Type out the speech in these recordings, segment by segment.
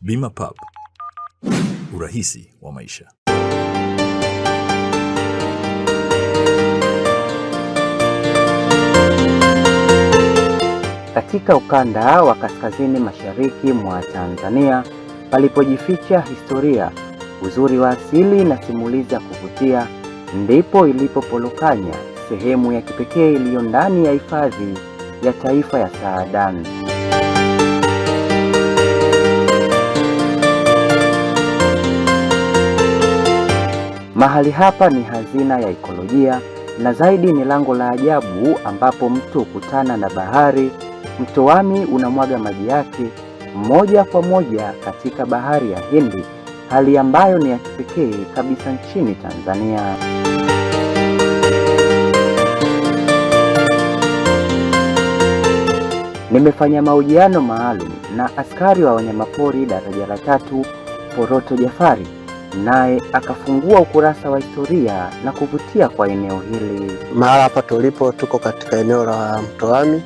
Bima pub, urahisi wa maisha. Katika ukanda wa kaskazini mashariki mwa Tanzania palipojificha historia, uzuri wa asili na simulizi za kuvutia, ndipo ilipo Polokanya, sehemu ya kipekee iliyo ndani ya hifadhi ya taifa ya Saadani. Mahali hapa ni hazina ya ikolojia na zaidi ni lango la ajabu ambapo mtu hukutana na bahari. Mto Wami unamwaga maji yake moja kwa moja katika bahari ya Hindi, hali ambayo ni ya kipekee kabisa nchini Tanzania. Nimefanya mahojiano maalum na askari wa wanyamapori daraja la tatu Poroto Jafari naye akafungua ukurasa wa historia na kuvutia kwa eneo hili. Mahala hapa tulipo, tuko katika eneo la Mtoami,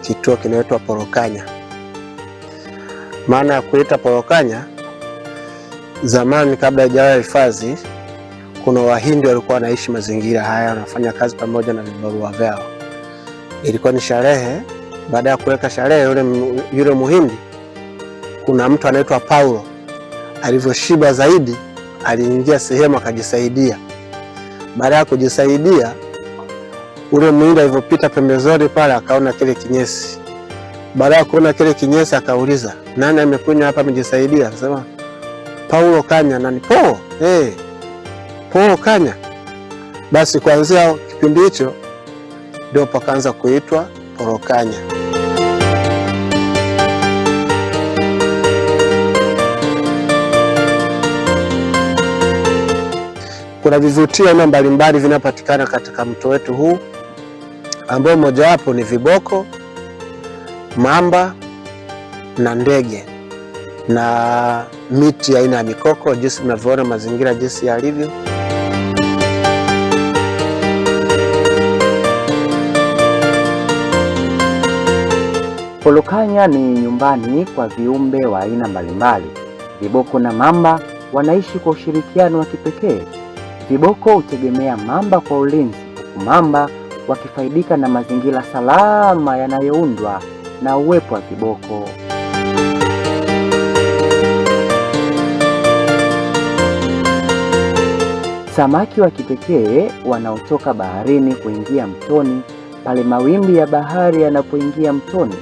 kituo kinaitwa Porokanya. Maana ya kuita Porokanya, zamani kabla ijawa hifadhi, kuna Wahindi walikuwa wanaishi mazingira haya, wanafanya kazi pamoja na vibarua vyao. Ilikuwa ni sherehe. Baada ya kuweka sherehe, yule, yule Muhindi, kuna mtu anaitwa Paulo alivyoshiba zaidi, aliingia sehemu akajisaidia. Baada ya kujisaidia, ule mlinzi alivyopita pembezoni pale akaona kile kinyesi. Baada ya kuona kile kinyesi, akauliza nani amekunywa hapa amejisaidia? Akasema Paulo Kanya. Nani? Po, eh, hey, Paulo Kanya. Basi kuanzia kipindi hicho ndio pakaanza kuitwa Porokanya. kuna vivutio aina mbalimbali vinapatikana katika mto wetu huu ambao mojawapo ni viboko, mamba na ndege na miti aina ya mikoko, jinsi tunavyoona mazingira jinsi yalivyo. Polokanya ni nyumbani kwa viumbe wa aina mbalimbali. Viboko na mamba wanaishi kwa ushirikiano wa kipekee Viboko hutegemea mamba kwa ulinzi, huku mamba wakifaidika na mazingira salama yanayoundwa na uwepo wa viboko. Samaki wa kipekee wanaotoka baharini kuingia mtoni pale mawimbi ya bahari yanapoingia mtoni,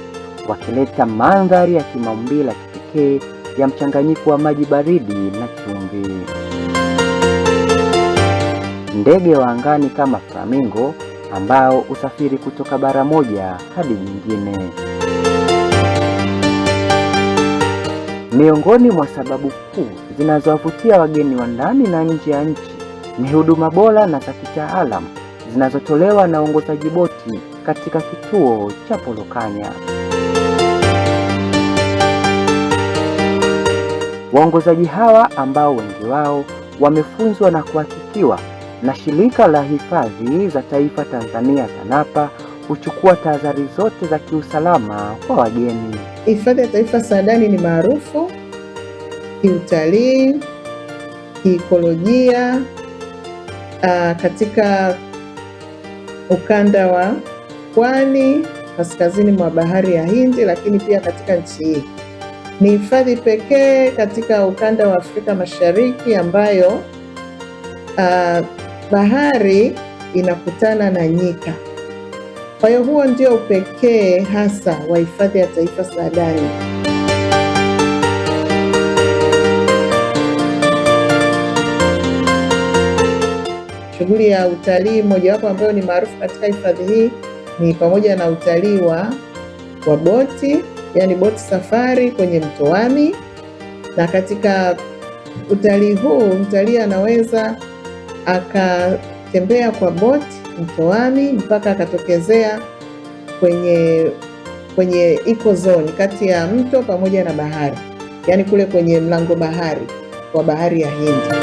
wakileta mandhari ya kimaumbile ya kipekee ya mchanganyiko wa maji baridi na chumvi ndege wa angani kama flamingo ambao usafiri kutoka bara moja hadi nyingine. Miongoni mwa sababu kuu zinazowavutia wageni wa ndani na nje ya nchi ni huduma bora na za kitaalam zinazotolewa na uongozaji boti katika kituo cha Polokanya. Waongozaji hawa ambao wengi wao wamefunzwa na kuhakikiwa na Shirika la Hifadhi za Taifa Tanzania TANAPA huchukua tahadhari zote za kiusalama kwa wageni. Hifadhi ya Taifa Saadani ni maarufu kiutalii, kiikolojia ah, katika ukanda wa pwani kaskazini mwa bahari ya Hindi, lakini pia katika nchi hii ni hifadhi pekee katika ukanda wa Afrika Mashariki ambayo uh, bahari inakutana na nyika. Kwa hiyo huo ndio upekee hasa wa hifadhi ya taifa Saadani. Shughuli ya utalii mojawapo ambayo ni maarufu katika hifadhi hii ni pamoja na utalii wa wa boti, yani boti safari kwenye mto Wami, na katika utalii huu mtalii anaweza akatembea kwa boti mtoani mpaka akatokezea kwenye kwenye iko zone kati ya mto pamoja na bahari, yaani kule kwenye mlango bahari wa bahari ya Hindi.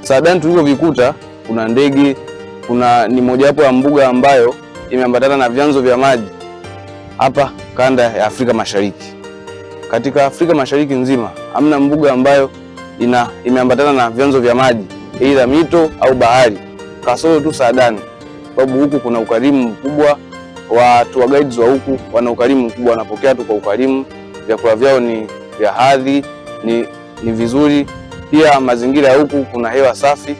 Saadani tulivyovikuta kuna ndege, kuna ni mojawapo ya mbuga ambayo imeambatana na vyanzo vya maji hapa kanda ya Afrika Mashariki. Katika Afrika Mashariki nzima hamna mbuga ambayo ina imeambatana na vyanzo vya maji, aidha mito au bahari, kasoro tu Saadani, sababu huku kuna ukarimu mkubwa wa tour guides wa huku wana ukarimu mkubwa, wanapokea tu kwa ukarimu. Vyakula vyao ni vya hadhi, ni, ni vizuri. Pia mazingira ya huku kuna hewa safi.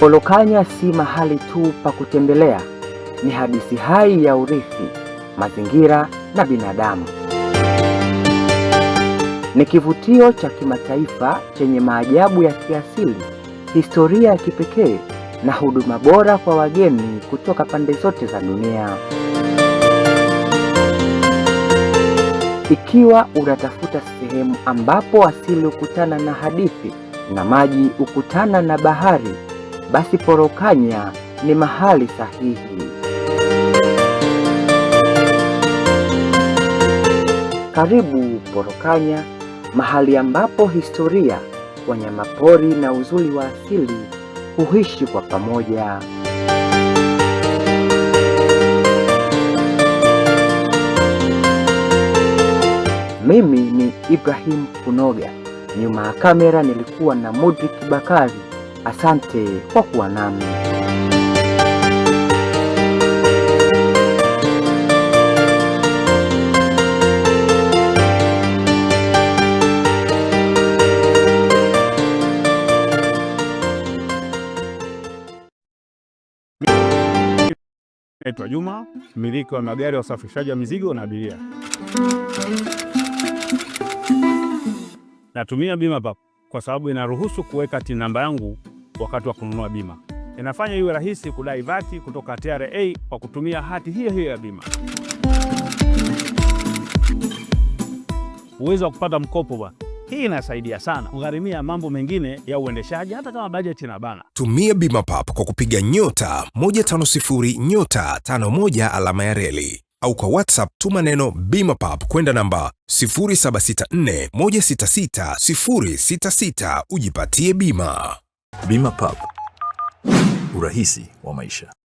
Polokanya si mahali tu pa kutembelea, ni hadithi hai ya urithi mazingira na binadamu. Ni kivutio cha kimataifa chenye maajabu ya kiasili, historia ya kipekee na huduma bora kwa wageni kutoka pande zote za dunia. Ikiwa unatafuta sehemu ambapo asili hukutana na hadithi na maji hukutana na bahari, basi Porokanya ni mahali sahihi. Karibu Porokanya, mahali ambapo historia, wanyamapori na uzuri wa asili huishi kwa pamoja. Mimi ni Ibrahim Kunoga, nyuma ya kamera nilikuwa na Mudrik Bakari. Asante kwa kuwa nami. Naitwa Juma, mmiliki wa magari ya usafirishaji wa mizigo na abiria. Natumia bima papo kwa sababu inaruhusu kuweka TIN namba yangu wakati wa kununua bima. Inafanya iwe rahisi kudai vati kutoka TRA kwa kutumia hati hiyo hiyo ya bima. Uwezo wa kupata mkopo bwana hii inasaidia sana kugharimia mambo mengine ya uendeshaji, hata kama bajeti ina bana. Tumia Bima Pap kwa kupiga nyota 150 nyota 51 alama ya reli au kwa WhatsApp tuma neno Bima Pap kwenda namba 0764166066 ujipatie bima. Bima Pap, urahisi wa maisha.